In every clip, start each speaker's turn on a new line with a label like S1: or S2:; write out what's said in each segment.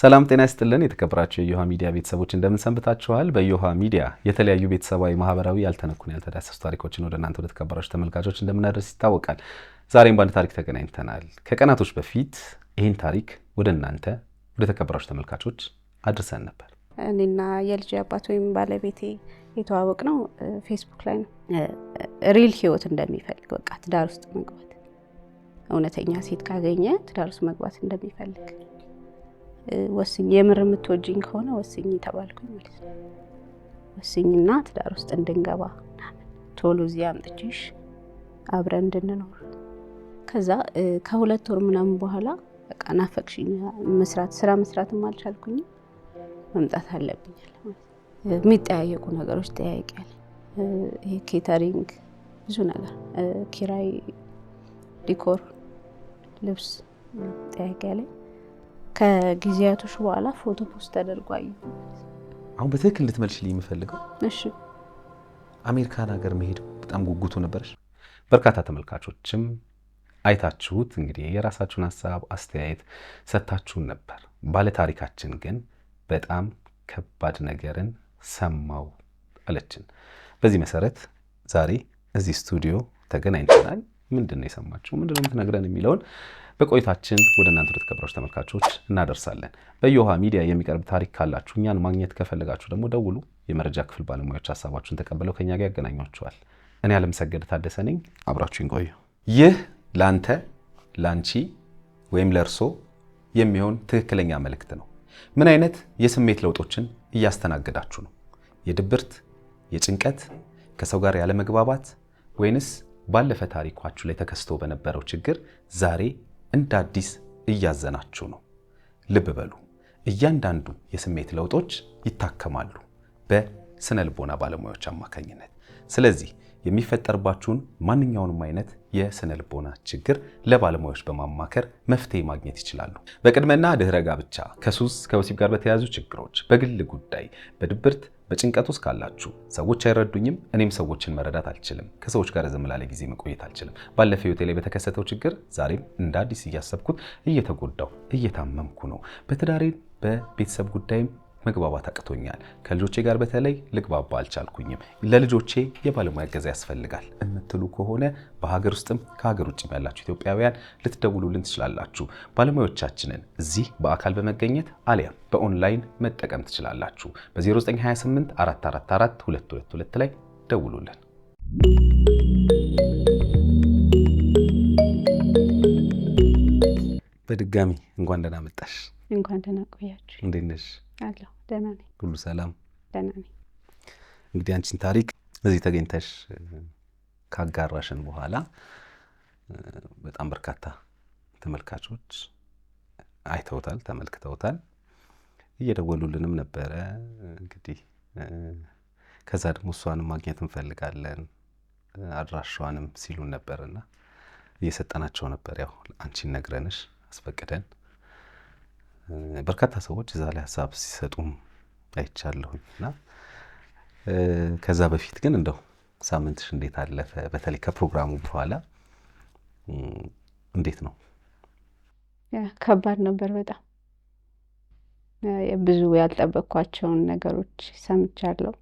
S1: ሰላም ጤና ይስጥልን። የተከበራቸው የእዮሃ ሚዲያ ቤተሰቦች እንደምን ሰንብታችኋል? ሚዲያ የተለያዩ ቤተሰባዊ፣ ማህበራዊ ያልተነኩን ያልተዳሰሱ ታሪኮችን ወደ እናንተ ወደ ተከበራችሁ ተመልካቾች እንደምናደርስ ይታወቃል። ዛሬም በአንድ ታሪክ ተገናኝተናል። ከቀናቶች በፊት ይህን ታሪክ ወደ እናንተ ወደ ተከበራችሁ ተመልካቾች አድርሰን ነበር። እኔና የልጅ አባት ወይም ባለቤቴ የተዋወቅ ነው ፌስቡክ ላይ ነው። ሪል ህይወት እንደሚፈልግ በቃ ትዳር ውስጥ መግባት እውነተኛ ሴት ካገኘ ትዳር ውስጥ መግባት እንደሚፈልግ ወስኝ የምር የምትወጅኝ ከሆነ ወስኝ ተባልኩኝ ማለት ነው። ወስኝና ትዳር ውስጥ እንድንገባ ቶሎ እዚህ አምጥቼሽ አብረን እንድንኖር። ከዛ ከሁለት ወር ምናምን በኋላ በቃ ናፈቅሽኝ፣ መስራት ስራ መስራትም አልቻልኩኝ መምጣት አለብኛል ማለት ነው የሚጠያየቁ ነገሮች ጠያይቃል። ይሄ ኬተሪንግ፣ ብዙ ነገር፣ ኪራይ፣ ዲኮር፣ ልብስ ጠያቂ ከጊዜያቶች በኋላ ፎቶ ፖስት ተደርጎ አየሁ።
S2: አሁን በትክክል እንድትመልሽልኝ የምፈልገው እሺ፣ አሜሪካን ሀገር መሄድ በጣም ጉጉቱ ነበረሽ። በርካታ ተመልካቾችም አይታችሁት እንግዲህ የራሳችሁን ሀሳብ አስተያየት ሰጥታችሁን ነበር። ባለታሪካችን ግን በጣም ከባድ ነገርን ሰማው አለችን። በዚህ መሰረት ዛሬ እዚህ ስቱዲዮ ተገናኝተናል። ምንድን ነው የሰማችሁ? ምንድን ነው የምትነግረን የሚለውን በቆይታችን ወደ እናንተ ተከበራችሁ ተመልካቾች እናደርሳለን። በየውሃ ሚዲያ የሚቀርብ ታሪክ ካላችሁ እኛን ማግኘት ከፈለጋችሁ ደግሞ ደውሉ። የመረጃ ክፍል ባለሙያዎች ሀሳባችሁን ተቀብለው ከኛ ጋር ያገናኟችኋል። እኔ አለምሰገድ ታደሰ ነኝ። አብራችሁን ቆዩ። ይህ ለአንተ ለአንቺ ወይም ለእርሶ የሚሆን ትክክለኛ መልእክት ነው። ምን አይነት የስሜት ለውጦችን እያስተናገዳችሁ ነው? የድብርት፣ የጭንቀት፣ ከሰው ጋር ያለመግባባት ወይንስ ባለፈ ታሪኳችሁ ላይ ተከስቶ በነበረው ችግር ዛሬ እንደ አዲስ እያዘናችሁ ነው? ልብ በሉ፣ እያንዳንዱ የስሜት ለውጦች ይታከማሉ በስነ ልቦና ባለሙያዎች አማካኝነት። ስለዚህ የሚፈጠርባችሁን ማንኛውንም አይነት የስነ ልቦና ችግር ለባለሙያዎች በማማከር መፍትሄ ማግኘት ይችላሉ። በቅድመና ድህረ ጋብቻ፣ ከሱስ ከወሲብ ጋር በተያያዙ ችግሮች፣ በግል ጉዳይ፣ በድብርት በጭንቀት ውስጥ ካላችሁ ሰዎች አይረዱኝም፣ እኔም ሰዎችን መረዳት አልችልም፣ ከሰዎች ጋር ዝም ላለ ጊዜ መቆየት አልችልም፣ ባለፈው ህይወቴ ላይ በተከሰተው ችግር ዛሬም እንደ አዲስ እያሰብኩት እየታመምኩ ነው፣ በትዳሬ በቤተሰብ ጉዳይም መግባባት አቅቶኛል። ከልጆቼ ጋር በተለይ ልግባባ አልቻልኩኝም። ለልጆቼ የባለሙያ እገዛ ያስፈልጋል የምትሉ ከሆነ በሀገር ውስጥም ከሀገር ውጭም ያላችሁ ኢትዮጵያውያን ልትደውሉልን ትችላላችሁ። ባለሙያዎቻችንን እዚህ በአካል በመገኘት አሊያም በኦንላይን መጠቀም ትችላላችሁ። በ0928 444 222 ላይ ደውሉልን። በድጋሚ እንኳን ደህና መጣሽ።
S1: እንኳን ደህና ቆያችሁ። እንዴት ነሽ? አለሁ ደህና
S2: ነኝ። ሁሉ ሰላም? ደህና ነኝ። እንግዲህ አንቺን ታሪክ እዚህ ተገኝተሽ ካጋራሽን በኋላ በጣም በርካታ ተመልካቾች አይተውታል፣ ተመልክተውታል፣ እየደወሉልንም ነበረ። እንግዲህ ከዛ ደግሞ እሷንም ማግኘት እንፈልጋለን አድራሻዋንም ሲሉን ነበርና እየሰጠናቸው ነበር። ያው አንቺን ነግረንሽ አስፈቅደን በርካታ ሰዎች እዛ ላይ ሀሳብ ሲሰጡም አይቻለሁኝ እና ከዛ በፊት ግን እንደው ሳምንትሽ እንዴት አለፈ? በተለይ ከፕሮግራሙ በኋላ እንዴት ነው?
S1: ከባድ ነበር በጣም ብዙ ያልጠበቅኳቸውን ነገሮች ሰምቻለሁ።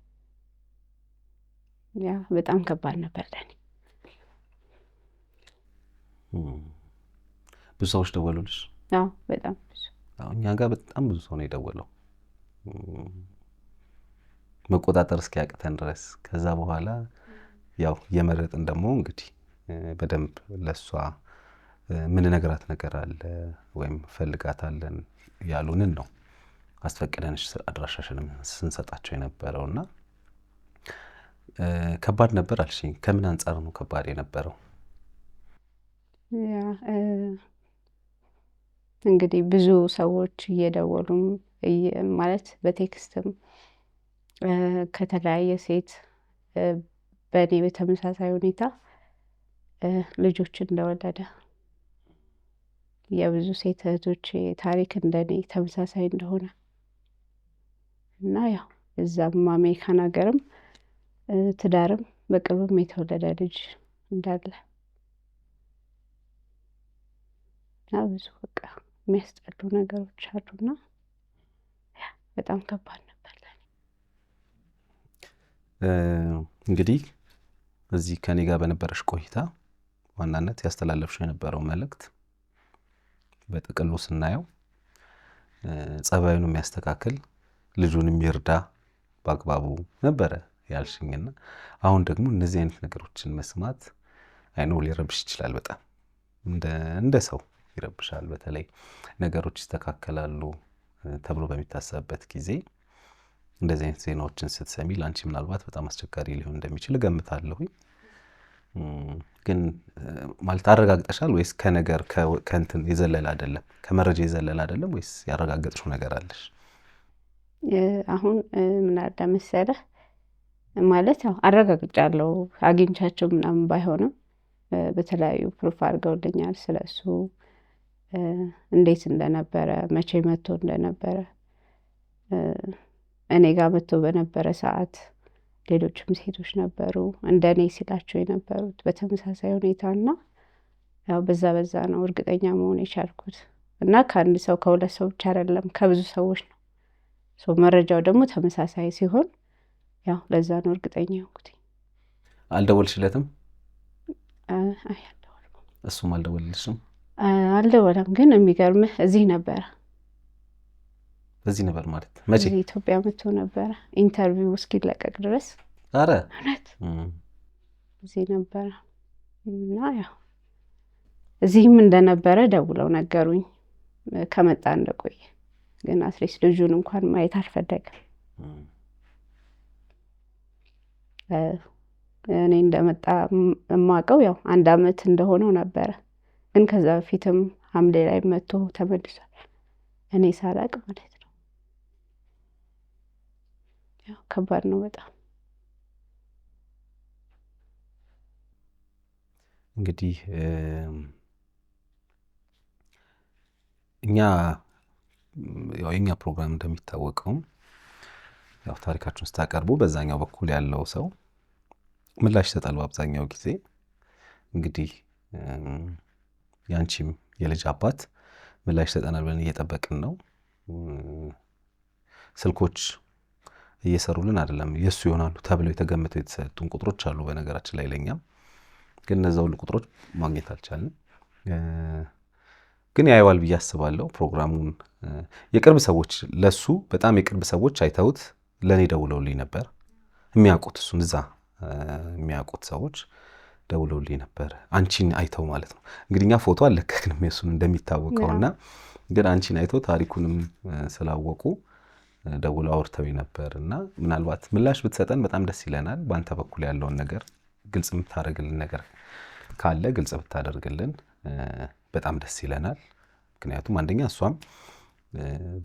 S1: ያ በጣም ከባድ ነበር ለእኔ።
S2: ብዙ ሰዎች ደወሉልሽ? አዎ በጣም ብዙ እኛ ጋር በጣም ብዙ ሰው ነው የደወለው መቆጣጠር እስኪያቅተን ድረስ። ከዛ በኋላ ያው የመረጥን ደግሞ እንግዲህ በደንብ ለእሷ ነገራት ነገር አለ ወይም ፈልጋታለን ያሉንን ነው አስፈቅደንሽ አድራሻሽንም ስንሰጣቸው የነበረው እና ከባድ ነበር አልሽኝ። ከምን አንጻር ነው ከባድ የነበረው?
S1: እንግዲህ ብዙ ሰዎች እየደወሉም ማለት በቴክስትም ከተለያየ ሴት በእኔ በተመሳሳይ ሁኔታ ልጆች እንደወለደ የብዙ ሴት እህቶች ታሪክ እንደኔ ተመሳሳይ እንደሆነ እና ያው እዛም አሜሪካን ሀገርም ትዳርም በቅርብም የተወለደ ልጅ እንዳለ እና ብዙ በቃ የሚያስጠሉ ነገሮች አሉና በጣም ከባድ ነበር
S2: እንግዲህ እዚህ ከኔ ጋር በነበረሽ ቆይታ ዋናነት ያስተላለፍሽው የነበረው መልእክት በጥቅሉ ስናየው ጸባዩን የሚያስተካክል ልጁን የሚርዳ በአግባቡ ነበረ ያልሽኝና አሁን ደግሞ እነዚህ አይነት ነገሮችን መስማት አይኖ ሊረብሽ ይችላል በጣም እንደ ሰው ይረብሻል። በተለይ ነገሮች ይስተካከላሉ ተብሎ በሚታሰብበት ጊዜ እንደዚህ አይነት ዜናዎችን ስትሰሚ ለአንቺ ምናልባት በጣም አስቸጋሪ ሊሆን እንደሚችል እገምታለሁኝ። ግን ማለት አረጋግጠሻል ወይስ ከነገር ከእንትን የዘለለ አይደለም ከመረጃ የዘለለ አይደለም ወይስ ያረጋገጥሽው ነገር አለሽ?
S1: አሁን ምን አለ መሰለህ ማለት ያው አረጋግጫለሁ አግኝቻቸው ምናምን ባይሆንም በተለያዩ ፕሩፍ አድርገውልኛል ስለሱ እንዴት እንደነበረ መቼ መጥቶ እንደነበረ እኔ ጋር መጥቶ በነበረ ሰዓት ሌሎችም ሴቶች ነበሩ እንደ እኔ ሲላቸው የነበሩት በተመሳሳይ ሁኔታ እና ያው በዛ በዛ ነው እርግጠኛ መሆን የቻልኩት እና ከአንድ ሰው ከሁለት ሰው ብቻ አይደለም ከብዙ ሰዎች ነው። መረጃው ደግሞ ተመሳሳይ ሲሆን ያው ለዛ ነው እርግጠኛ ሆንኩት።
S2: አልደወልሽለትም? አይ እሱም አልደወልልሽም?
S1: አልደወለም። ግን የሚገርምህ እዚህ ነበረ እዚህ ነበር ማለት መቼ ኢትዮጵያ መጥቶ ነበረ ኢንተርቪው እስኪለቀቅ ድረስ። አረ እውነት እዚህ ነበረ እና ያው እዚህም እንደነበረ ደውለው ነገሩኝ ከመጣ እንደቆየ። ግን አትሌት ልጁን እንኳን ማየት አልፈለግም። እኔ እንደመጣ የማውቀው ያው አንድ አመት እንደሆነው ነበረ። ግን ከዛ በፊትም ሐምሌ ላይ መጥቶ ተመልሷል። እኔ ሳላቅ ማለት ነው። ያው ከባድ ነው በጣም
S2: እንግዲህ እኛ ያው የኛ ፕሮግራም እንደሚታወቀውም ያው ታሪካችሁን ስታቀርቡ በዛኛው በኩል ያለው ሰው ምላሽ ይሰጣል። በአብዛኛው ጊዜ እንግዲህ የአንቺም የልጅ አባት ምላሽ ይሰጠናል ብለን እየጠበቅን ነው። ስልኮች እየሰሩልን አይደለም። የእሱ ይሆናሉ ተብለው የተገምተው የተሰጡን ቁጥሮች አሉ። በነገራችን ላይ ለእኛም ግን እነዛ ሁሉ ቁጥሮች ማግኘት አልቻልንም። ግን ያየዋል ብዬ አስባለሁ። ፕሮግራሙን የቅርብ ሰዎች ለሱ በጣም የቅርብ ሰዎች አይተውት ለእኔ ደውለውልኝ ነበር። የሚያውቁት እሱን እዛ የሚያውቁት ሰዎች ደውለውልኝ ነበር። አንቺን አይተው ማለት ነው። እንግዲህ እኛ ፎቶ አልለቀቅንም የሱን እንደሚታወቀው እና ግን አንቺን አይተው ታሪኩንም ስላወቁ ደውለው አውርተው ነበር እና ምናልባት ምላሽ ብትሰጠን በጣም ደስ ይለናል። በአንተ በኩል ያለውን ነገር ግልጽ የምታደርግልን ነገር ካለ ግልጽ ብታደርግልን በጣም ደስ ይለናል። ምክንያቱም አንደኛ እሷም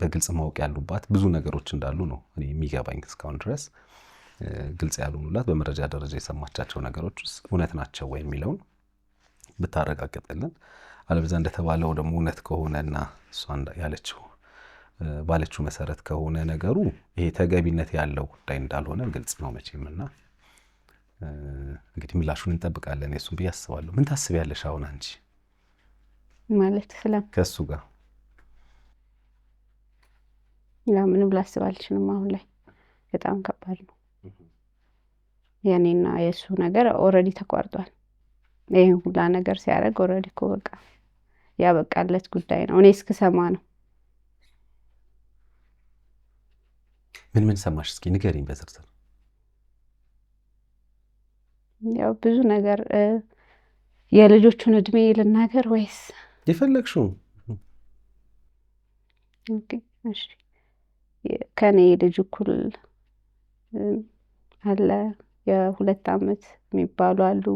S2: በግልጽ ማወቅ ያሉባት ብዙ ነገሮች እንዳሉ ነው እኔ የሚገባኝ እስካሁን ድረስ ግልጽ ያልሆኑላት በመረጃ ደረጃ የሰማቻቸው ነገሮች ውስጥ እውነት ናቸው ወይ የሚለውን ብታረጋግጥልን፣ አለበዛ እንደተባለው ደግሞ እውነት ከሆነና እሷ ያለችው ባለችው መሰረት ከሆነ ነገሩ ይሄ ተገቢነት ያለው ጉዳይ እንዳልሆነ ግልጽ ነው መቼም እና እንግዲህ ምላሹን እንጠብቃለን። የሱን ብዬ አስባለሁ። ምን ታስቢያለሽ አሁን
S1: አንቺ ማለት
S2: ስለም ከእሱ ጋር
S1: ያ ምንም ላስብ አልችልም አሁን ላይ በጣም ከባድ ነው። የእኔና የእሱ ነገር ኦልሬዲ ተቋርጧል። ይህን ሁላ ነገር ሲያደርግ ኦልሬዲ እኮ በቃ ያበቃለት ጉዳይ ነው። እኔ እስክሰማ ነው።
S2: ምን ምን ሰማሽ? እስኪ ንገሪኝ በዝርዝር።
S1: ያው ብዙ ነገር የልጆቹን እድሜ ልናገር
S2: ወይስ የፈለግሽው?
S1: ከእኔ ልጅ እኩል አለ የሁለት አመት የሚባሉ አሉ።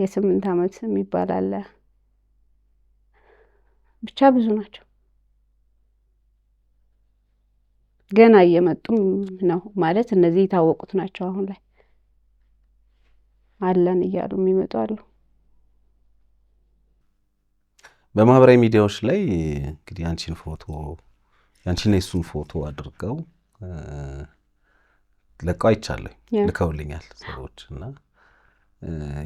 S1: የስምንት አመት የሚባል አለ። ብቻ ብዙ ናቸው። ገና እየመጡም ነው ማለት እነዚህ የታወቁት ናቸው። አሁን ላይ አለን እያሉ የሚመጡ አሉ።
S2: በማህበራዊ ሚዲያዎች ላይ እንግዲህ አንቺን ፎቶ የአንቺና የሱን ፎቶ አድርገው ለቀው አይቻለኝ ልከውልኛል ሰዎች እና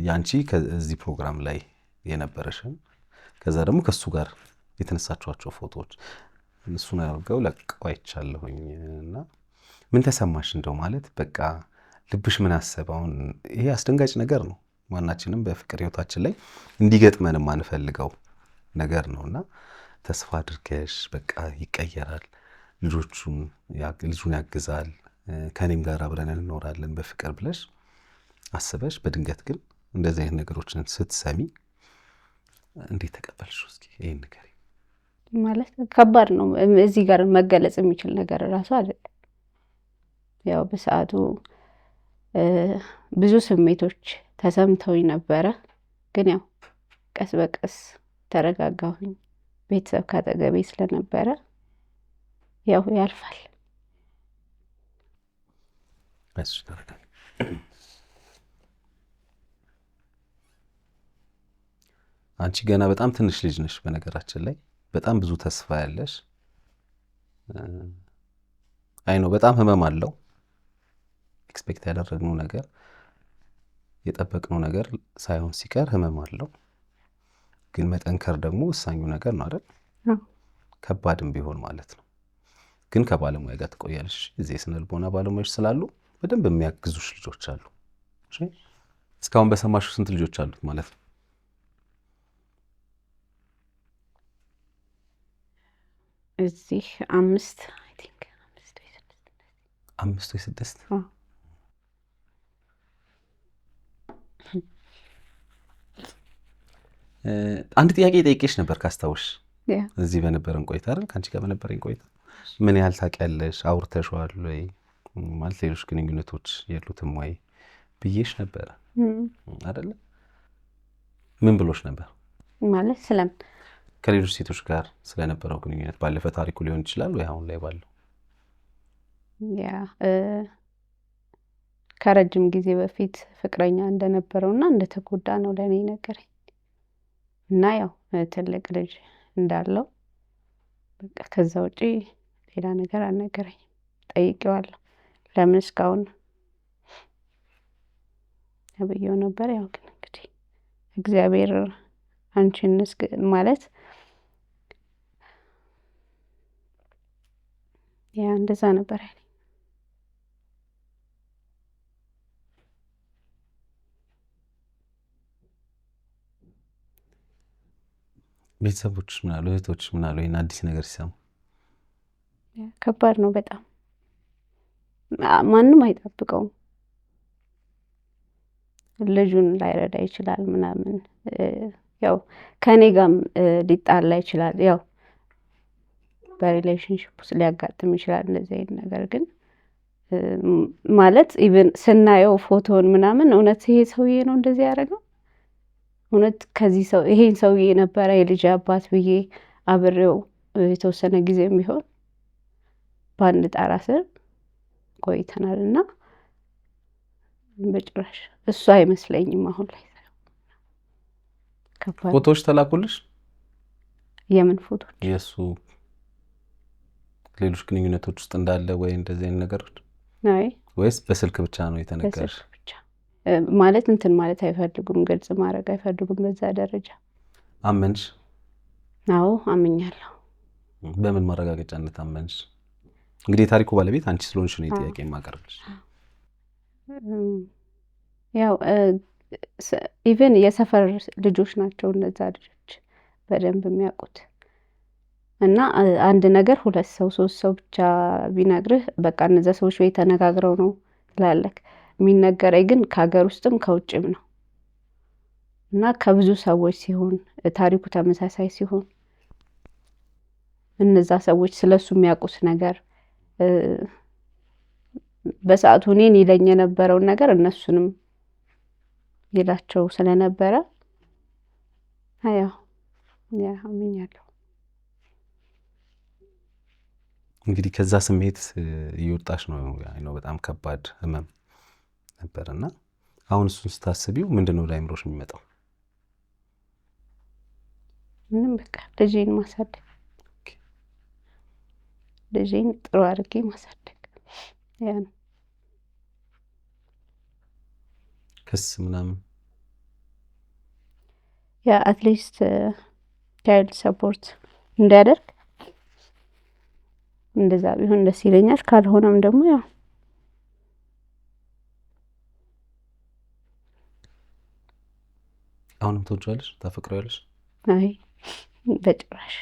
S2: ያንቺ ከዚህ ፕሮግራም ላይ የነበረሽን ከዛ ደግሞ ከእሱ ጋር የተነሳችኋቸው ፎቶዎች እሱን አድርገው ለቀው አይቻለሁኝ እና ምን ተሰማሽ? እንደው ማለት በቃ ልብሽ ምን አሰብ? አሁን ይሄ አስደንጋጭ ነገር ነው። ማናችንም በፍቅር ህይወታችን ላይ እንዲገጥመን የማንፈልገው ነገር ነው እና ተስፋ አድርገሽ በቃ ይቀየራል፣ ልጆቹን ልጁን ያግዛል ከእኔም ጋር አብረን እንኖራለን በፍቅር ብለሽ አስበሽ፣ በድንገት ግን እንደዚህ አይነት ነገሮችን ስትሰሚ እንዴት ተቀበልሽው? እስኪ ይህን ነገር
S1: ማለት ከባድ ነው። እዚህ ጋር መገለጽ የሚችል ነገር እራሱ አይደለም። ያው በሰዓቱ ብዙ ስሜቶች ተሰምተውኝ ነበረ፣ ግን ያው ቀስ በቀስ ተረጋጋሁኝ። ቤተሰብ ካጠገቤ ስለነበረ ያው ያልፋል።
S2: ያስደርጋል። አንቺ ገና በጣም ትንሽ ልጅ ነሽ። በነገራችን ላይ በጣም ብዙ ተስፋ ያለሽ አይ ነው። በጣም ህመም አለው። ኤክስፔክት ያደረግነው ነገር የጠበቅነው ነገር ሳይሆን ሲቀር ህመም አለው። ግን መጠንከር ደግሞ ወሳኙ ነገር ነው አይደል? ከባድም ቢሆን ማለት ነው። ግን ከባለሙያ ጋር ትቆያለሽ። እዚህ የስነ ልቦና ባለሙያዎች ስላሉ በደንብ የሚያግዙሽ ልጆች አሉ። እስካሁን በሰማሹ ስንት ልጆች አሉት ማለት ነው?
S1: እዚህ አምስት አምስት ወይ ስድስት
S2: አንድ ጥያቄ ጠይቄሽ ነበር ካስታውሽ፣ እዚህ በነበረን ቆይታ አይደል? ከአንቺ ጋር በነበረኝ ቆይታ ምን ያህል ታውቂያለሽ? አውርተሽዋል ወይ? ማለት ሌሎች ግንኙነቶች የሉትም ወይ ብዬሽ ነበረ አደለ? ምን ብሎች ነበር ማለት ስለም ከሌሎች ሴቶች ጋር ስለነበረው ግንኙነት ባለፈ ታሪኩ ሊሆን ይችላል ወይ አሁን ላይ ባለው
S1: ያ ከረጅም ጊዜ በፊት ፍቅረኛ እንደነበረው እና እንደተጎዳ ነው ለእኔ ነገረኝ። እና ያው ትልቅ ልጅ እንዳለው በቃ ከዛ ውጪ ሌላ ነገር አልነገረኝም። ጠይቄዋለሁ። ለምን እስካሁን ብየው ነበር። ያው ግን እንግዲህ እግዚአብሔር አንቺን ማለት ያ እንደዛ ነበር ያለኝ።
S2: ቤተሰቦች ምናሉ እህቶች ምናሉ ይህን አዲስ ነገር ሲሰሙ
S1: ከባድ ነው በጣም ማንም አይጠብቀውም። ልጁን ላይረዳ ይችላል ምናምን ያው ከእኔ ጋም ሊጣላ ይችላል። ያው በሪሌሽንሽፕ ውስጥ ሊያጋጥም ይችላል እንደዚህ አይነት ነገር ግን ማለት ኢቨን ስናየው ፎቶን ምናምን እውነት ይሄ ሰውዬ ነው እንደዚህ ያደረገው እውነት ከዚህ ሰው ይሄን ሰውዬ ነበረ የልጅ አባት ብዬ አብሬው የተወሰነ ጊዜ ቢሆን በአንድ ጣራ ስር ቆይተናል እና በጭራሽ እሱ አይመስለኝም። አሁን ላይ
S2: ፎቶዎች ተላኩልሽ? የምን ፎቶች? የእሱ ሌሎች ግንኙነቶች ውስጥ እንዳለ ወይ እንደዚህ አይነት ነገሮች ወይስ በስልክ ብቻ ነው
S1: የተነገረሽ? ማለት እንትን ማለት አይፈልጉም፣ ግልጽ ማድረግ አይፈልጉም በዛ ደረጃ። አመንሽ? አዎ አምኛለሁ።
S2: በምን ማረጋገጫነት አመንሽ? እንግዲህ የታሪኩ ባለቤት አንቺ ስለሆንሽ ነው ጥያቄ የማቀርብልሽ።
S1: ያው ኢቨን የሰፈር ልጆች ናቸው እነዛ ልጆች በደንብ የሚያውቁት እና አንድ ነገር ሁለት ሰው ሶስት ሰው ብቻ ቢነግርህ በቃ እነዛ ሰዎች ወይ ተነጋግረው ነው ትላለህ። የሚነገረኝ ግን ከሀገር ውስጥም ከውጭም ነው እና ከብዙ ሰዎች ሲሆን ታሪኩ ተመሳሳይ ሲሆን እነዛ ሰዎች ስለሱ የሚያውቁት ነገር በሰዓቱ እኔን ይለኝ የነበረውን ነገር እነሱንም ይላቸው ስለነበረ ያው
S2: እንግዲህ ከዛ ስሜት እየወጣሽ ነው። ነው በጣም ከባድ ህመም ነበር እና አሁን እሱን ስታስቢው ምንድን ነው ለአይምሮሽ የሚመጣው?
S1: ምንም በቃ ልጄን ማሳደግ ልጄን ጥሩ አድርጌ ማሳደግ ያ ነው።
S2: ክስ ምናምን
S1: ያ አትሊስት ቻይልድ ሰፖርት እንዲያደርግ እንደዛ ቢሆን ደስ ይለኛል። ካልሆነም ደግሞ ያው
S2: አሁንም ትወጂዋለሽ? ታፈቅሪዋለሽ?
S1: አይ በጭራሽ።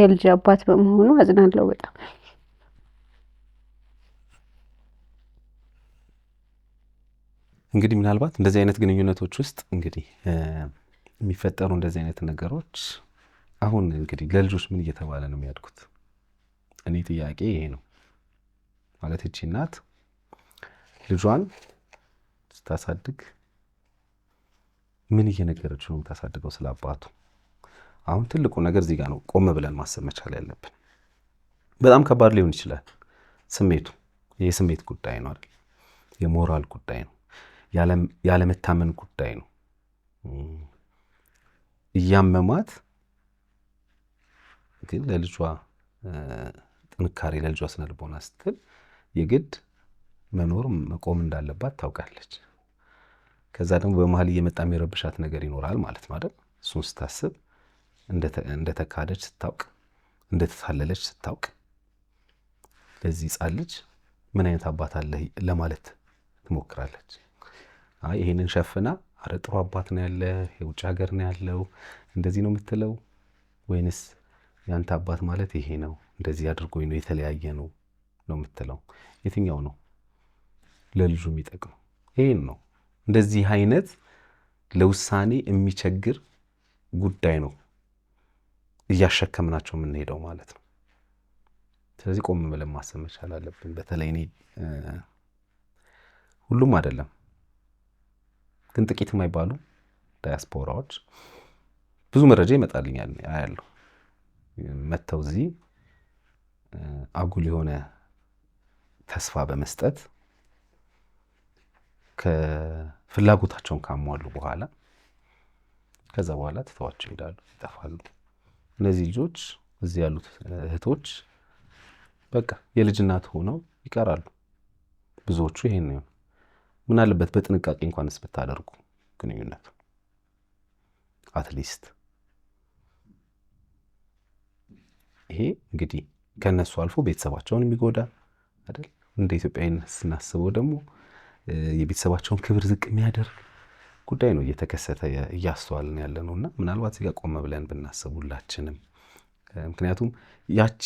S1: የልጅ አባት በመሆኑ አዝናለሁ በጣም።
S2: እንግዲህ ምናልባት እንደዚህ አይነት ግንኙነቶች ውስጥ እንግዲህ የሚፈጠሩ እንደዚህ አይነት ነገሮች አሁን እንግዲህ ለልጆች ምን እየተባለ ነው የሚያድጉት? እኔ ጥያቄ ይሄ ነው ማለት እቺ እናት ልጇን ስታሳድግ ምን እየነገረችው ነው የምታሳድገው ስለ አባቱ? አሁን ትልቁ ነገር እዚህ ጋር ነው ቆም ብለን ማሰብ መቻል ያለብን። በጣም ከባድ ሊሆን ይችላል ስሜቱ። የስሜት ጉዳይ ነው አይደል? የሞራል ጉዳይ ነው፣ ያለመታመን ጉዳይ ነው። እያመማት ግን ለልጇ ጥንካሬ ለልጇ ስነልቦና ስትል የግድ መኖር መቆም እንዳለባት ታውቃለች። ከዛ ደግሞ በመሀል እየመጣ የሚረብሻት ነገር ይኖራል ማለት ነው እሱን ስታስብ እንደተካደች ስታውቅ፣ እንደተታለለች ስታውቅ ለዚህ ሕፃን ልጅ ምን አይነት አባት አለህ ለማለት ትሞክራለች። አይ ይሄንን ሸፍና አረ ጥሩ አባት ነው ያለ የውጭ ሀገር ነው ያለው እንደዚህ ነው የምትለው ወይንስ ያንተ አባት ማለት ይሄ ነው እንደዚህ አድርጎኝ ነው የተለያየ ነው ነው የምትለው? የትኛው ነው ለልጁ የሚጠቅመው? ይህን ነው። እንደዚህ አይነት ለውሳኔ የሚቸግር ጉዳይ ነው። እያሸከምናቸው የምንሄደው ማለት ነው። ስለዚህ ቆም ብለን ማሰብ መቻል አለብን። በተለይ እኔ ሁሉም አይደለም ግን ጥቂት የማይባሉ ዳያስፖራዎች ብዙ መረጃ ይመጣልኛል ያለው መጥተው እዚህ አጉል የሆነ ተስፋ በመስጠት ከፍላጎታቸውን ካሟሉ በኋላ ከዛ በኋላ ትተዋቸው ይሄዳሉ፣ ይጠፋሉ። እነዚህ ልጆች እዚህ ያሉት እህቶች በቃ የልጅ እናት ሆነው ይቀራሉ። ብዙዎቹ ይሄን ነው። ምን አለበት በጥንቃቄ እንኳንስ ብታደርጉ ግንኙነት አትሊስት። ይሄ እንግዲህ ከእነሱ አልፎ ቤተሰባቸውን የሚጎዳ አይደል? እንደ ኢትዮጵያዊነት ስናስበው ደግሞ የቤተሰባቸውን ክብር ዝቅ የሚያደርግ ጉዳይ ነው እየተከሰተ እያስተዋልን ያለ ነው እና ምናልባት እዚጋ ቆመ ብለን ብናስብ ሁላችንም ምክንያቱም ያቺ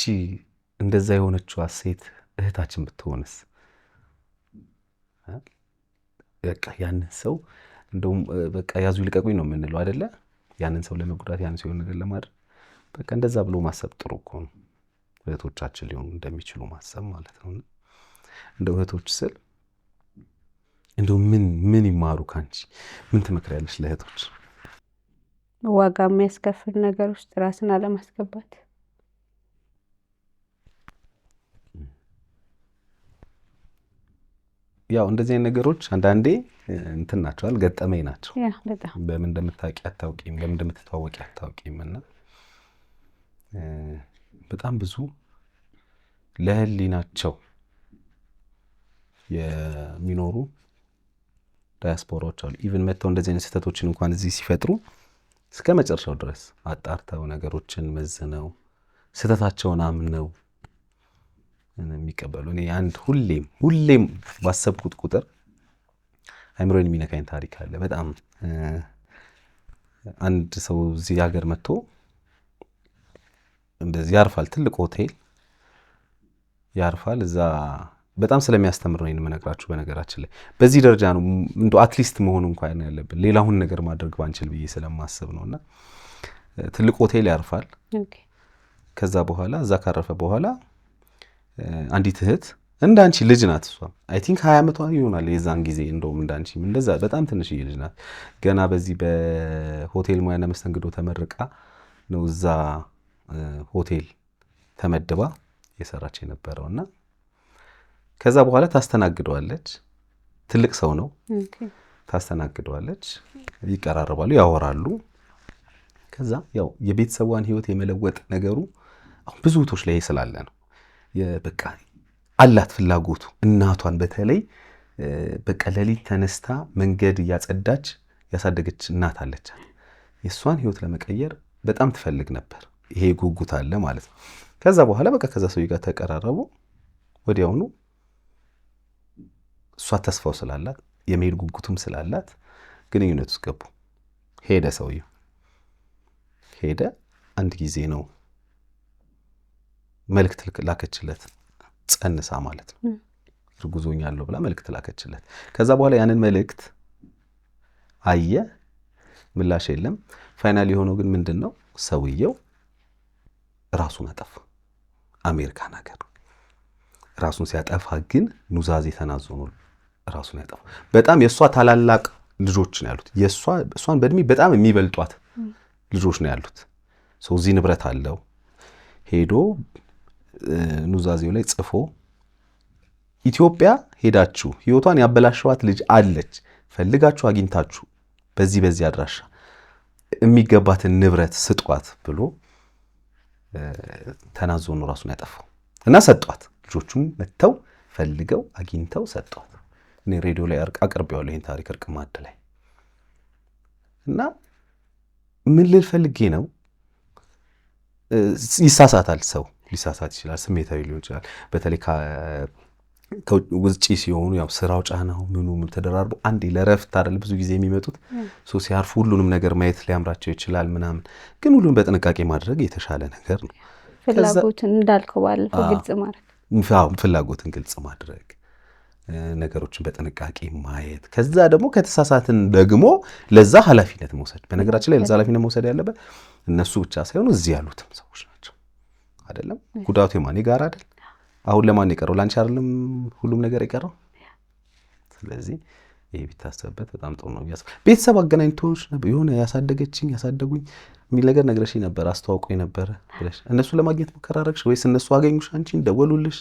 S2: እንደዛ የሆነችው ሴት እህታችን ብትሆንስ በቃ ያንን ሰው እንደውም በቃ ያዙ ይልቀቁኝ ነው የምንለው አይደለ? ያንን ሰው ለመጉዳት ያንን ሰው የሆነ ነገር ለማድረግ በቃ እንደዛ ብሎ ማሰብ ጥሩ እኮ ነው። እህቶቻችን ሊሆኑ እንደሚችሉ ማሰብ ማለት ነው። እንደ እህቶች ስል እንደው ምን ምን ይማሩ ከአንቺ ምን ትመክሪያለሽ ለእህቶች?
S1: ዋጋ የሚያስከፍል ነገር ውስጥ ራስን አለማስገባት።
S2: ያው እንደዚህ አይነት ነገሮች አንዳንዴ እንትን ናቸዋል፣ ገጠመኝ ናቸው። በምን እንደምታውቂ አታውቂም፣ በምን እንደምትተዋወቂ አታውቂም። እና በጣም ብዙ ለህሊናቸው የሚኖሩ ዳያስፖራዎች አሉ። ኢቨን መጥተው እንደዚህ አይነት ስህተቶችን እንኳን እዚህ ሲፈጥሩ እስከ መጨረሻው ድረስ አጣርተው ነገሮችን መዝነው ስህተታቸውን አምነው የሚቀበሉ እኔ አንድ ሁሌም ሁሌም ባሰብኩት ቁጥር አይምሮን የሚነካኝ ታሪክ አለ። በጣም አንድ ሰው እዚህ ሀገር መጥቶ እንደዚህ ያርፋል፣ ትልቅ ሆቴል ያርፋል እዛ በጣም ስለሚያስተምር ነው የምነግራችሁ። በነገራችን ላይ በዚህ ደረጃ ነው አትሊስት መሆኑ እንኳን ያለብን ሌላሁን ነገር ማድረግ ባንችል ብዬ ስለማስብ ነው። እና ትልቅ ሆቴል ያርፋል። ከዛ በኋላ እዛ ካረፈ በኋላ አንዲት እህት እንደ አንቺ ልጅ ናት። እሷ አይ ቲንክ ሀያ ዓመቷ ይሆናል የዛን ጊዜ እንደውም እንደ አንቺ እንደዛ በጣም ትንሽዬ ልጅ ናት። ገና በዚህ በሆቴል ሙያና መስተንግዶ ተመርቃ ነው እዛ ሆቴል ተመድባ የሰራች የነበረውና ከዛ በኋላ ታስተናግደዋለች። ትልቅ ሰው ነው፣ ታስተናግደዋለች። ይቀራረባሉ፣ ያወራሉ። ከዛ ያው የቤተሰቧን ህይወት የመለወጥ ነገሩ አሁን ብዙ ቶች ላይ ስላለ ነው። በቃ አላት ፍላጎቱ። እናቷን በተለይ በቃ ሌሊት ተነስታ መንገድ እያጸዳች ያሳደገች እናት አለቻት። የእሷን ህይወት ለመቀየር በጣም ትፈልግ ነበር። ይሄ ጉጉት አለ ማለት ነው። ከዛ በኋላ በቃ ከዛ ሰውዬ ጋር ተቀራረቡ ወዲያውኑ እሷ ተስፋው ስላላት የመሄድ ጉጉቱም ስላላት ግንኙነት ውስጥ ገቡ። ሄደ፣ ሰውየው ሄደ። አንድ ጊዜ ነው መልእክት ላከችለት፣ ጸንሳ ማለት ነው እርጉዞኛለሁ ብላ መልእክት ላከችለት። ከዛ በኋላ ያንን መልእክት አየ፣ ምላሽ የለም። ፋይናል የሆነው ግን ምንድን ነው? ሰውየው ራሱን አጠፋ። አሜሪካን ሀገር ራሱን ሲያጠፋ ግን ኑዛዜ ተናዞ ነው ራሱን ያጠፋ። በጣም የእሷ ታላላቅ ልጆች ነው ያሉት። እሷን በእድሜ በጣም የሚበልጧት ልጆች ነው ያሉት። ሰው እዚህ ንብረት አለው ሄዶ ኑዛዜው ላይ ጽፎ ኢትዮጵያ ሄዳችሁ ህይወቷን ያበላሸዋት ልጅ አለች ፈልጋችሁ አግኝታችሁ በዚህ በዚህ አድራሻ የሚገባትን ንብረት ስጧት ብሎ ተናዞ ነው ራሱን ያጠፋው እና ሰጧት። ልጆቹም መጥተው ፈልገው አግኝተው ሰጧት። እኔ ሬዲዮ ላይ አቅርቤዋለሁ ይህን ታሪክ እርቅ ማዕድ ላይ እና ምን ልል ፈልጌ ነው፣ ይሳሳታል። ሰው ሊሳሳት ይችላል፣ ስሜታዊ ሊሆን ይችላል። በተለይ ውጭ ሲሆኑ ያው ስራው ጫናው ምኑ ተደራርቦ አንዴ ለረፍት አይደል ብዙ ጊዜ የሚመጡት ሶ ሲያርፉ ሁሉንም ነገር ማየት ሊያምራቸው ይችላል ምናምን፣ ግን ሁሉን በጥንቃቄ ማድረግ የተሻለ ነገር ነው።
S1: ፍላጎትን እንዳልከው ባለፈው ግልጽ
S2: ማድረግ ፍላጎትን ግልጽ ማድረግ ነገሮችን በጥንቃቄ ማየት ከዛ ደግሞ ከተሳሳትን ደግሞ ለዛ ኃላፊነት መውሰድ። በነገራችን ላይ ለዛ ኃላፊነት መውሰድ ያለበት እነሱ ብቻ ሳይሆኑ እዚህ ያሉትም ሰዎች ናቸው። አይደለም ጉዳቱ የማን ጋር አይደል? አሁን ለማን የቀረው? ለአንቺ አይደለም ሁሉም ነገር የቀረው። ስለዚህ ይህ ቢታሰብበት በጣም ጥሩ ነው። ያስ ቤተሰብ አገናኝቶች የሆነ ያሳደገችኝ ያሳደጉኝ የሚል ነገር ነግረሽ ነበር አስተዋውቆ ነበረ ብለሽ እነሱ ለማግኘት ሙከራ አደረግሽ ወይስ እነሱ አገኙሽ? አንቺን
S1: ደወሉልሽ?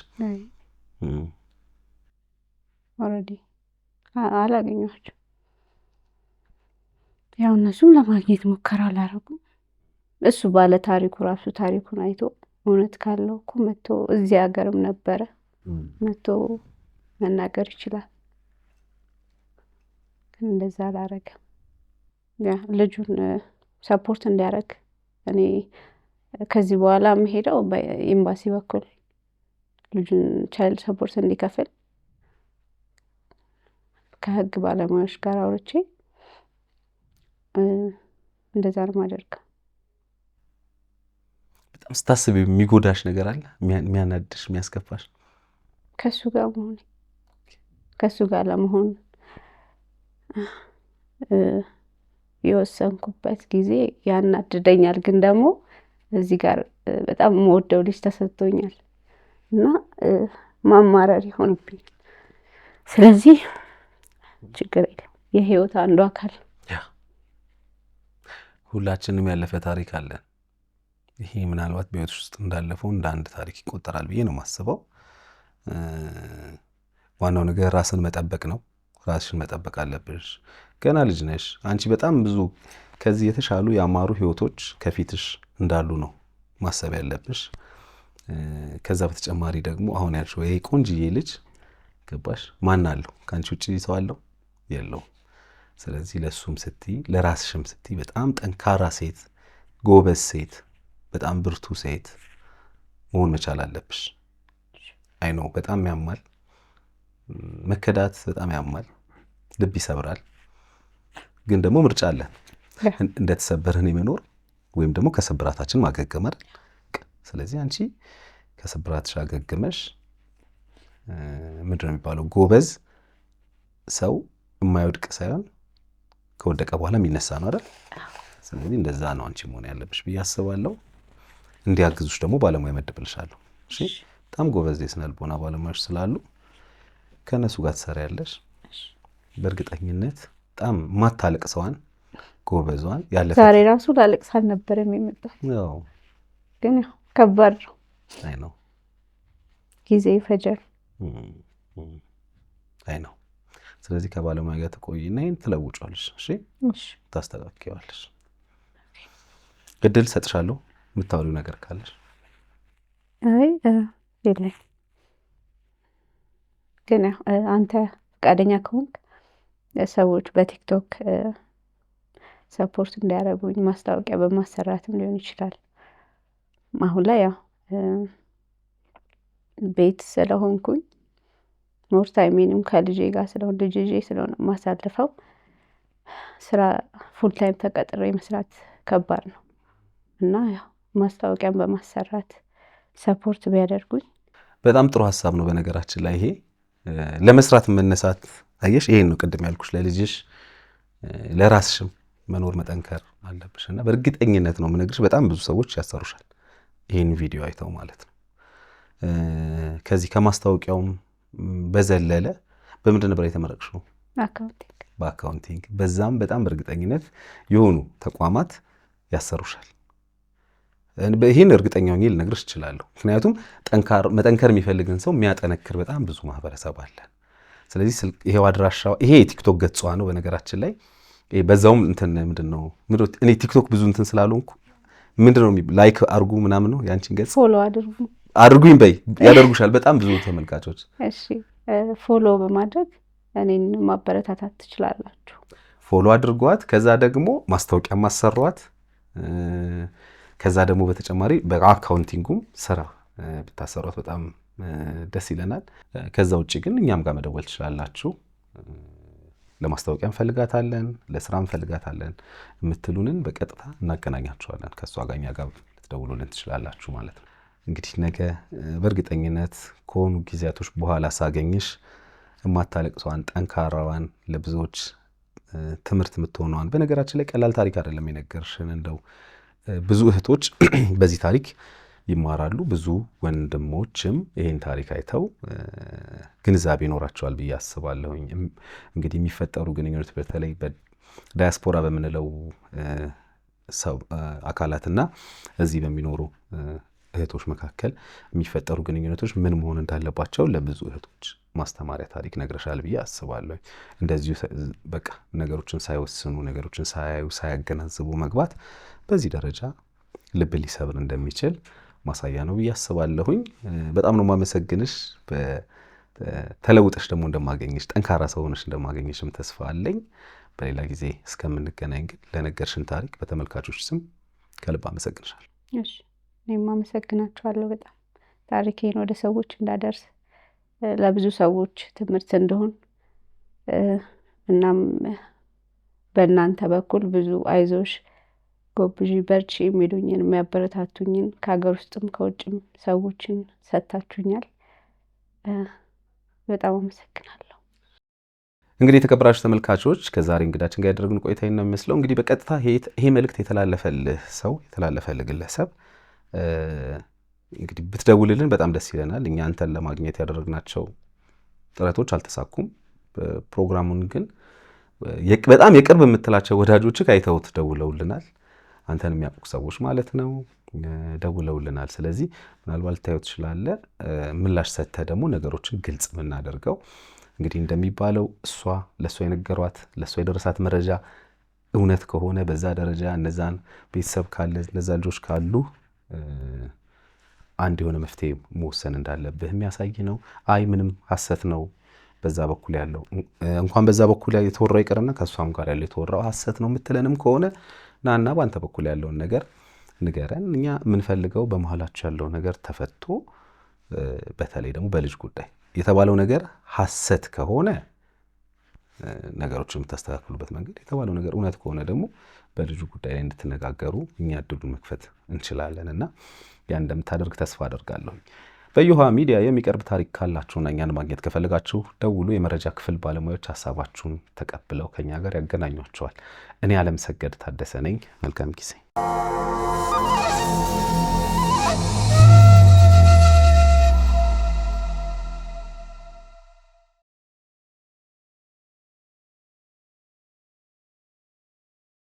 S1: ኦሬዲ አላገኘኋቸውም። ያው እነሱም ለማግኘት ሙከራ አላረጉም። እሱ ባለ ታሪኩ ራሱ ታሪኩን አይቶ እውነት ካለው እኮ መጥቶ እዚህ ሀገርም ነበረ መጥቶ መናገር ይችላል። ግን እንደዛ አላረገም። ልጁን ሰፖርት እንዲያደረግ እኔ ከዚህ በኋላ የምሄደው ኤምባሲ በኩል ልጁን ቻይልድ ሰፖርት እንዲከፍል ከህግ ባለሙያዎች ጋር አውርቼ እንደዛ ነው የማደርገው።
S2: በጣም ስታስብ የሚጎዳሽ ነገር አለ? የሚያናድሽ፣ የሚያስከፋሽ?
S1: ከሱ ጋር መሆን ከሱ ጋር ለመሆን የወሰንኩበት ጊዜ ያናድደኛል፣ ግን ደግሞ እዚህ ጋር በጣም የምወደው ልጅ ተሰጥቶኛል እና ማማረር ይሆንብኝ ስለዚህ ችግር የለም። የህይወት አንዱ
S2: አካል ሁላችንም ያለፈ ታሪክ አለን። ይሄ ምናልባት በህይወት ውስጥ እንዳለፈው እንደ አንድ ታሪክ ይቆጠራል ብዬ ነው የማስበው። ዋናው ነገር ራስን መጠበቅ ነው። ራስሽን መጠበቅ አለብሽ። ገና ልጅ ነሽ። አንቺ በጣም ብዙ ከዚህ የተሻሉ ያማሩ ህይወቶች ከፊትሽ እንዳሉ ነው ማሰብ ያለብሽ። ከዛ በተጨማሪ ደግሞ አሁን ያልሽው ይሄ ቆንጅዬ ልጅ ገባሽ፣ ማን አለው? ከአንቺ ውጭ ሰው አለው? የለውም። ስለዚህ ለእሱም ስትይ ለራስሽም ስትይ በጣም ጠንካራ ሴት፣ ጎበዝ ሴት፣ በጣም ብርቱ ሴት መሆን መቻል አለብሽ። አይ ነው በጣም ያማል፣ መከዳት በጣም ያማል፣ ልብ ይሰብራል። ግን ደግሞ ምርጫ አለን እንደተሰበርን የመኖር ወይም ደግሞ ከስብራታችን ማገገም አይደል? ስለዚህ አንቺ ከስብራትሽ አገግመሽ ምንድን ነው የሚባለው ጎበዝ ሰው የማይወድቅ ሳይሆን ከወደቀ በኋላ የሚነሳ ነው አይደል? ስለዚህ እንደዛ ነው አንቺ መሆን ያለብሽ ብዬ አስባለሁ። እንዲያግዙሽ ደግሞ ባለሙያ መድብልሻለሁ። እሺ፣ በጣም ጎበዝ የስነ ልቦና ባለሙያዎች ስላሉ ከእነሱ ጋር ትሰሪያለሽ። በእርግጠኝነት በጣም ማታለቅ ሰዋን ጎበዟን ያለ ዛሬ
S1: ራሱ ላለቅስ አልነበረም የሚመጣው ግን ያው ከባድ
S2: ነው። አይ ነው
S1: ጊዜ ይፈጃል።
S2: አይ ነው ስለዚህ ከባለሙያ ጋር ትቆይና ይህን ትለውጫለሽ፣ ታስተካክዋለሽ። እድል ሰጥሻለሁ። የምታወሪው ነገር ካለሽ
S1: አይ የለኝ፣ ግን አንተ ፈቃደኛ ከሆንክ ሰዎች በቲክቶክ ሰፖርት እንዲያደርጉኝ ማስታወቂያ በማሰራትም ሊሆን ይችላል። አሁን ላይ ያው ቤት ስለሆንኩኝ ሞር ታይሜንም ከልጄ ጋር ስለሆነ ልጅ ስለሆነ ማሳልፈው ስራ ፉል ታይም ተቀጥሬ መስራት ከባድ ነው እና ያው ማስታወቂያን በማሰራት ሰፖርት ቢያደርጉኝ
S2: በጣም ጥሩ ሀሳብ ነው። በነገራችን ላይ ይሄ ለመስራት መነሳት አየሽ፣ ይሄን ነው ቅድም ያልኩሽ፣ ለልጅሽ ለራስሽም መኖር መጠንከር አለብሽ እና በእርግጠኝነት ነው የምነግርሽ በጣም ብዙ ሰዎች ያሰሩሻል ይህን ቪዲዮ አይተው ማለት ነው ከዚህ ከማስታወቂያውም በዘለለ በምንድን ነበር የተመረቅሽው? በአካውንቲንግ። በዛም በጣም በእርግጠኝነት የሆኑ ተቋማት ያሰሩሻል። ይህን እርግጠኛ ሆኜ ልነግርሽ እችላለሁ። ምክንያቱም መጠንከር የሚፈልግን ሰው የሚያጠነክር በጣም ብዙ ማህበረሰብ አለ። ስለዚህ ይሄው አድራሻ ይሄ የቲክቶክ ገጿ ነው። በነገራችን ላይ በዛውም እንትን ምንድን ነው እኔ ቲክቶክ ብዙ እንትን ስላልሆንኩ ምንድን ነው ላይክ አርጉ ምናምን ነው ያንቺን
S1: ገጽ ፎሎ አድርጉ
S2: አድርጉኝ በይ ያደርጉሻል። በጣም ብዙ ተመልካቾች
S1: እሺ፣ ፎሎ በማድረግ እኔን ማበረታታት ትችላላችሁ።
S2: ፎሎ አድርጓት፣ ከዛ ደግሞ ማስታወቂያ ማሰሯት፣ ከዛ ደግሞ በተጨማሪ በአካውንቲንጉም ስራ ብታሰሯት በጣም ደስ ይለናል። ከዛ ውጭ ግን እኛም ጋር መደወል ትችላላችሁ። ለማስታወቂያ እንፈልጋታለን፣ ለስራ እንፈልጋታለን የምትሉንን በቀጥታ እናገናኛችኋለን። ከእሷ ጋር እኛ ጋር ልትደውሉልን ትችላላችሁ ማለት ነው። እንግዲህ ነገ በእርግጠኝነት ከሆኑ ጊዜያቶች በኋላ ሳገኝሽ የማታለቅሰዋን ጠንካራዋን ለብዙዎች ትምህርት የምትሆነዋን በነገራችን ላይ ቀላል ታሪክ አይደለም የነገርሽን። እንደው ብዙ እህቶች በዚህ ታሪክ ይማራሉ፣ ብዙ ወንድሞችም ይህን ታሪክ አይተው ግንዛቤ ይኖራቸዋል ብዬ አስባለሁኝ። እንግዲህ የሚፈጠሩ ግንኙነት በተለይ ዳያስፖራ በምንለው ሰው አካላትና እዚህ በሚኖሩ እህቶች መካከል የሚፈጠሩ ግንኙነቶች ምን መሆን እንዳለባቸው ለብዙ እህቶች ማስተማሪያ ታሪክ ነግረሻል ብዬ አስባለሁ። እንደዚሁ በቃ ነገሮችን ሳይወስኑ ነገሮችን ሳያዩ ሳያገናዝቡ መግባት በዚህ ደረጃ ልብ ሊሰብር እንደሚችል ማሳያ ነው ብዬ አስባለሁኝ። በጣም ነው ማመሰግንሽ። ተለውጠሽ ደግሞ እንደማገኘሽ ጠንካራ ሰው ሆነሽ እንደማገኘሽም ተስፋ አለኝ። በሌላ ጊዜ እስከምንገናኝ ግን ለነገርሽን ታሪክ በተመልካቾች ስም ከልብ አመሰግንሻል።
S1: እኔም አመሰግናችኋለሁ በጣም ታሪኬን ወደ ሰዎች እንዳደርስ ለብዙ ሰዎች ትምህርት እንደሆን እናም በእናንተ በኩል ብዙ አይዞሽ፣ ጎብዥ በርቺ የሚሉኝን የሚያበረታቱኝን ከሀገር ውስጥም ከውጭም ሰዎችን ሰጥታችሁኛል። በጣም አመሰግናለሁ።
S2: እንግዲህ የተከበራችሁ ተመልካቾች ከዛሬ እንግዳችን ጋር ያደረግን ቆይታ ነው የሚመስለው። እንግዲህ በቀጥታ ይሄ መልእክት የተላለፈልህ ሰው የተላለፈልህ ግለሰብ እንግዲህ ብትደውልልን በጣም ደስ ይለናል። እኛ አንተን ለማግኘት ያደረግናቸው ጥረቶች አልተሳኩም። ፕሮግራሙን ግን በጣም የቅርብ የምትላቸው ወዳጆች አይተውት ደውለውልናል። አንተን የሚያውቁ ሰዎች ማለት ነው ደውለውልናል። ስለዚህ ምናልባት ልታየው ትችላለህ። ምላሽ ሰጥተህ ደግሞ ነገሮችን ግልጽ የምናደርገው እንግዲህ እንደሚባለው እሷ ለእሷ የነገሯት ለእሷ የደረሳት መረጃ እውነት ከሆነ በዛ ደረጃ እነዛን ቤተሰብ ካለ እነዛ ልጆች ካሉ አንድ የሆነ መፍትሄ መወሰን እንዳለብህ የሚያሳይ ነው። አይ ምንም ሀሰት ነው በዛ በኩል ያለው እንኳን በዛ በኩል የተወራው ይቅርና ከእሷም ጋር ያለው የተወራው ሀሰት ነው የምትለንም ከሆነ ናና በአንተ በኩል ያለውን ነገር ንገረን። እኛ የምንፈልገው በመሀላቸው ያለው ነገር ተፈቶ በተለይ ደግሞ በልጅ ጉዳይ የተባለው ነገር ሀሰት ከሆነ ነገሮች የምታስተካክሉበት መንገድ የተባለው ነገር እውነት ከሆነ ደግሞ በልጁ ጉዳይ ላይ እንድትነጋገሩ እኛ እድሉን መክፈት እንችላለን እና ያን እንደምታደርግ ተስፋ አደርጋለሁ። በእዮሃ ሚዲያ የሚቀርብ ታሪክ ካላችሁና እኛን ማግኘት ከፈልጋችሁ ደውሉ። የመረጃ ክፍል ባለሙያዎች ሀሳባችሁን ተቀብለው ከኛ ጋር ያገናኟቸዋል። እኔ አለም ሰገድ ታደሰ ነኝ። መልካም ጊዜ